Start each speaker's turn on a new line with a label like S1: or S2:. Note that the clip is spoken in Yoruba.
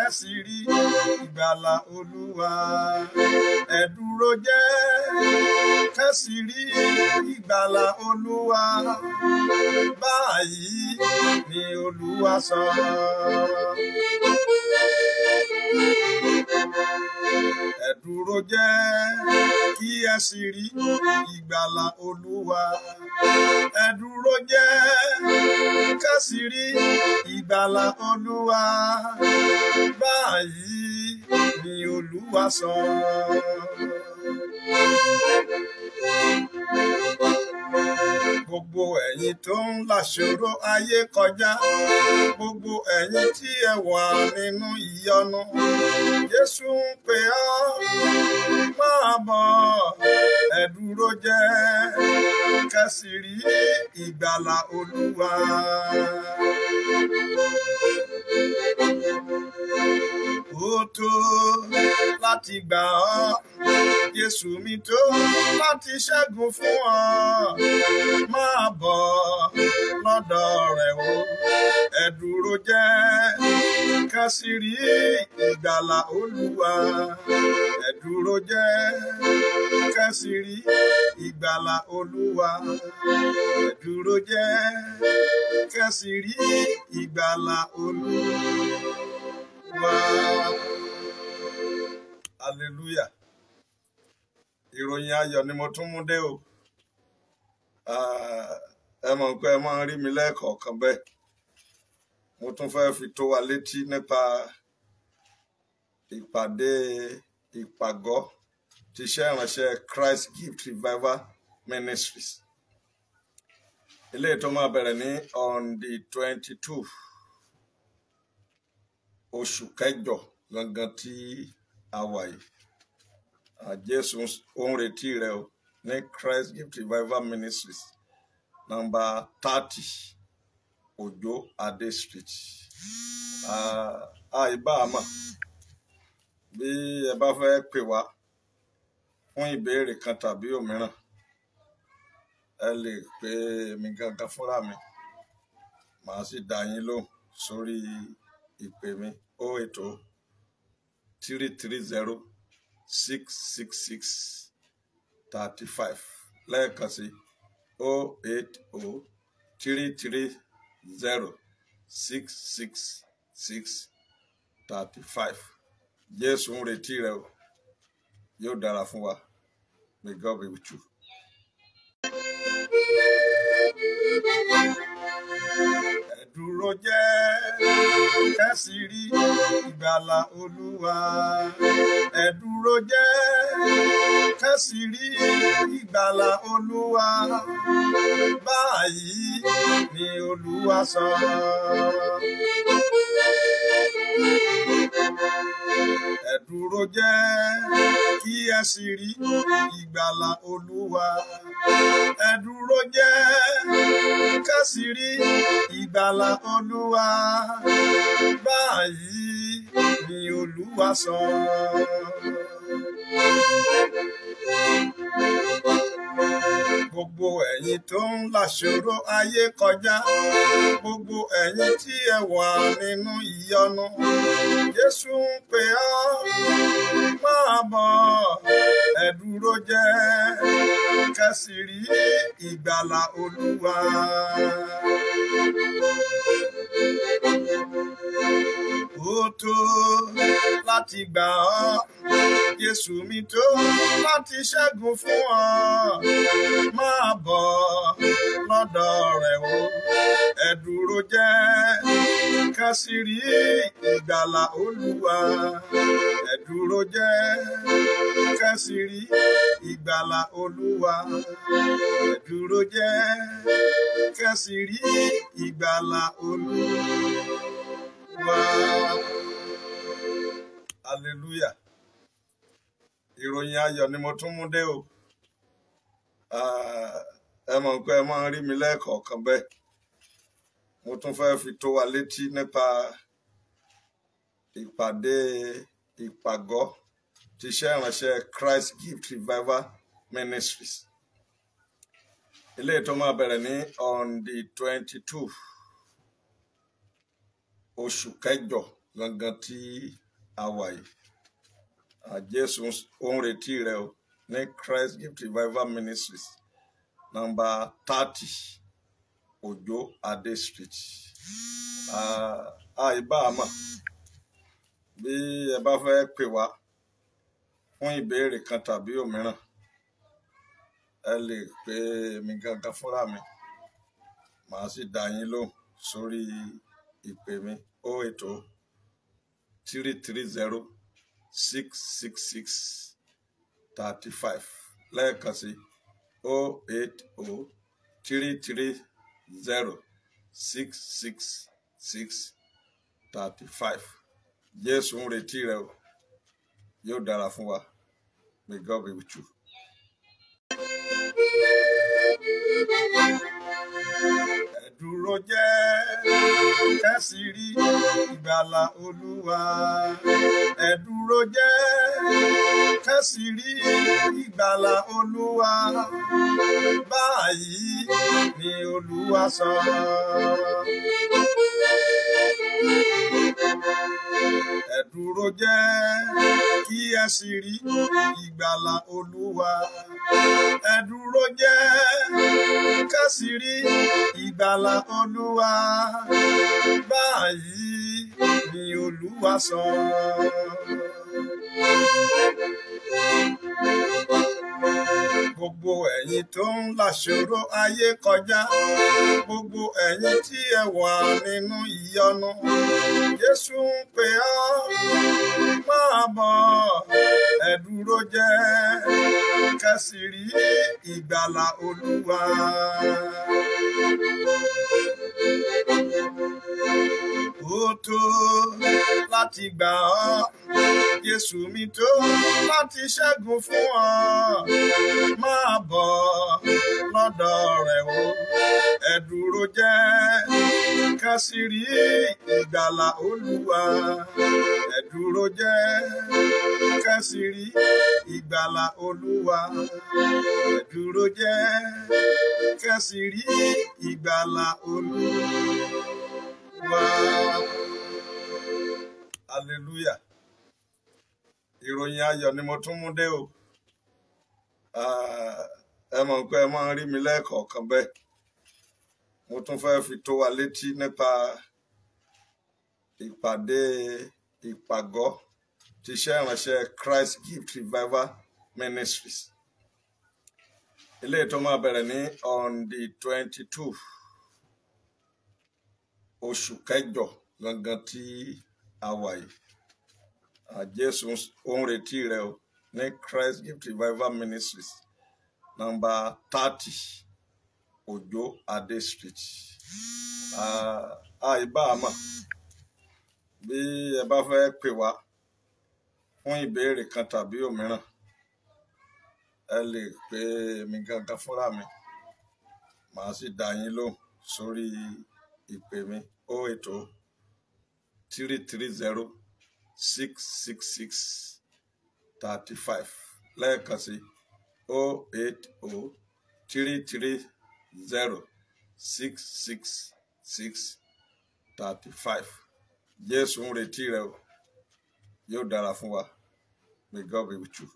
S1: ẹ sì rí ìgbàlà olúwa ẹ dúró jẹ́ ẹ sì rí ìgbàlà olúwa báyìí ni olúwa sọ. dúró jẹ́ kí ẹ sì rí ìgbàlà olúwa ẹ dúró jẹ́ ká sì rí ìgbàlà olúwa báyìí ni olúwa sọ. thank you Gbogbo ẹ̀yin tó ń làṣòro ayé kọjá, gbogbo ẹ̀yin tí ẹ wà nínú ìyọnu, Jésù ń pè ọ́ máa bọ̀ ẹ dúró jẹ́ kẹ́sì ìgbàlà Olúwa. Ó tó láti gbà ọ́. Jésù mi tó láti ṣẹ́gun fún ọ. Máa bọ̀ lọ́dọ̀ rẹ̀ o. Ẹ jẹ́ ká ìgbàlà Olúwa. Ẹ jẹ́ ká ìgbàlà Olúwa. Ẹ jẹ́ ká ìgbàlà
S2: Olúwa. Hallelujah ìròyìn ayọ̀ ni mo tún mú dé o ẹ mọ̀ pé ẹ máa ń rí mi lẹ́ẹ̀kọ̀ọ̀kan bẹ́ẹ̀ mo tún fẹ́ fi tó wa létí nípa ìpàdé ìpàgọ́ ti iṣẹ́ ìránṣẹ́ Christ Gift Revival Ministries eléyìí tó máa bẹ̀rẹ̀ ní on the twenty two oṣù kẹjọ gangan tí a wà yìí. Ah, Jésù ó ń retí rẹ o ní Christ Gift Revival Ministries number thirty Ojo Ade Street ah, ah, àìbá àmọ́ bí ẹ bá fẹ́ pè wá fún ìbéèrè kan tàbí òmíràn ẹ lè pe mi gangan fúnra mi màá sì dá yín lóhùn sórí ìpè mi ó oh ètò oh three three zero six six six thirty five lẹ́ẹ̀kan sí o oh eight o oh three three zero six six six thirty five Jésù ń retí rẹ o yóò dára fún wa may God be with you dúró jẹ́
S1: kẹ́sì rí ìgbàlà olúwa ẹ dúró jẹ́ kẹ́sì rí ìgbàlà olúwa báyìí ni olúwa sọ. Ẹ dúró jẹ́ ẹ sì rí ìgbàlà olúwa ẹ dúró jẹ́ ká sì rí ìgbàlà olúwa báyìí ni olúwa sọ. Gbogbo ẹ̀yin tó ń làṣòro ayé kọjá, gbogbo ẹ̀yin tí ẹ wà nínú ìyọnu, Jésù ń pè ọ́ máa bọ̀ tó jẹ́ kẹsì rí ìgbàlà olúwa. Ó tó láti gbà ọ́, Jésù mi tó láti ṣẹ́gun fún ọ, máa bọ̀ lọ́dọ̀ rẹ̀ o ẹ dúró jẹ́ ìgbàlà olúwa ẹ dúró jẹ́ ìgbàlà olúwa ẹ dúró jẹ́ ìgbàlà olúwa.
S2: hallelujah ìròyìn ayọ̀ ni mo tún mú dé o ah, ẹ mọ̀ pé ẹ máa ń rí mi lẹ́ẹ̀kọ̀ọ̀kan bẹ́ẹ̀ mo tún fẹ́ fi tó wa létí nípa ìpàdé ìpàgọ́ ti iṣẹ́ ìránṣẹ́ Christ Gift Revival Ministries eléyìí tó máa bẹ̀rẹ̀ ní on the twenty two oṣù kẹjọ gangan tí a wà yìí àjẹsù ó retí rẹ o ní Christ Gift Revival Ministries number thirty. Òjó Adé Street àìbá àmọ́ bí ẹ bá fẹ́ pè wá fún ìbéèrè kan tàbí òmíràn ẹ lè pe mi gangan fúnra mi màá sì dá yín lóhùn sórí ìpè mi ó ètò three three zero six six six thirty five lẹ́ẹ̀kan sí ó eight ó three three zero six six six thirty five jésù ń retí rẹ o yóò dára fún wa may God be with you. you dúró jẹ́
S1: kẹ́sì rí ìgbàlà olúwa ẹ dúró jẹ́ kẹ́sì rí ìgbàlà olúwa báyìí ni olúwa sọ. Thank you ẹ dúró jẹ́ kí ẹ sì rí ìgbàlà olúwa ẹ jẹ́ ká sì rí ìgbàlà olúwa báyìí ni olúwa sọ. Thank you gbogbo ẹ̀yin tó ń làṣòro ayé kọjá gbogbo ẹ̀yin tí ẹ wà nínú ìyọnu Jésù ń pè ọ́ máa bọ̀ ẹ jẹ́ kẹ́sì ìgbàlà Olúwa. Thank you ó tó láti gbà ọ́ Jésù mi tó láti ṣẹ́gun fún ọ máa bọ̀ lọ́dọ̀ rẹ̀ o ẹ dúró jẹ́ ká ìgbàlà Olúwa ẹ jẹ́ ká ìgbàlà Olúwa ẹ jẹ́ ká
S2: ìgbàlà Olúwa. ìròyìn ayọ̀ ni mo tún mú dé o ẹ mọ̀ pé ẹ máa ń rí mi lẹ́ẹ̀kọ̀ọ̀kan bẹ́ẹ̀ mo tún fẹ́ fi tó wa létí nípa ìpàdé ìpàgọ́ ti iṣẹ́ ìránṣẹ́ Christ Gift Revival Ministries eléyìí tó máa bẹ̀rẹ̀ ní on the twenty two oṣù kẹjọ gangan tí a wà yìí Ah, Jésù ń retí rẹ o ní Christ Gift Revival Ministries number thirty Ojo Ade Street ah, ah, àìbá àmọ́ bí ẹ bá fẹ́ pè wá fún ìbéèrè kan tàbí òmíràn ẹ lè pe mi gangan fúnra mi màá sì dá yín lóhùn sórí ìpè mi 080 330 six six six thirty five lẹ́ẹ̀kan sí o oh eight o oh three three zero six six six thirty five Jésù ń retí rẹ o yóò dára fún wa may God be with you.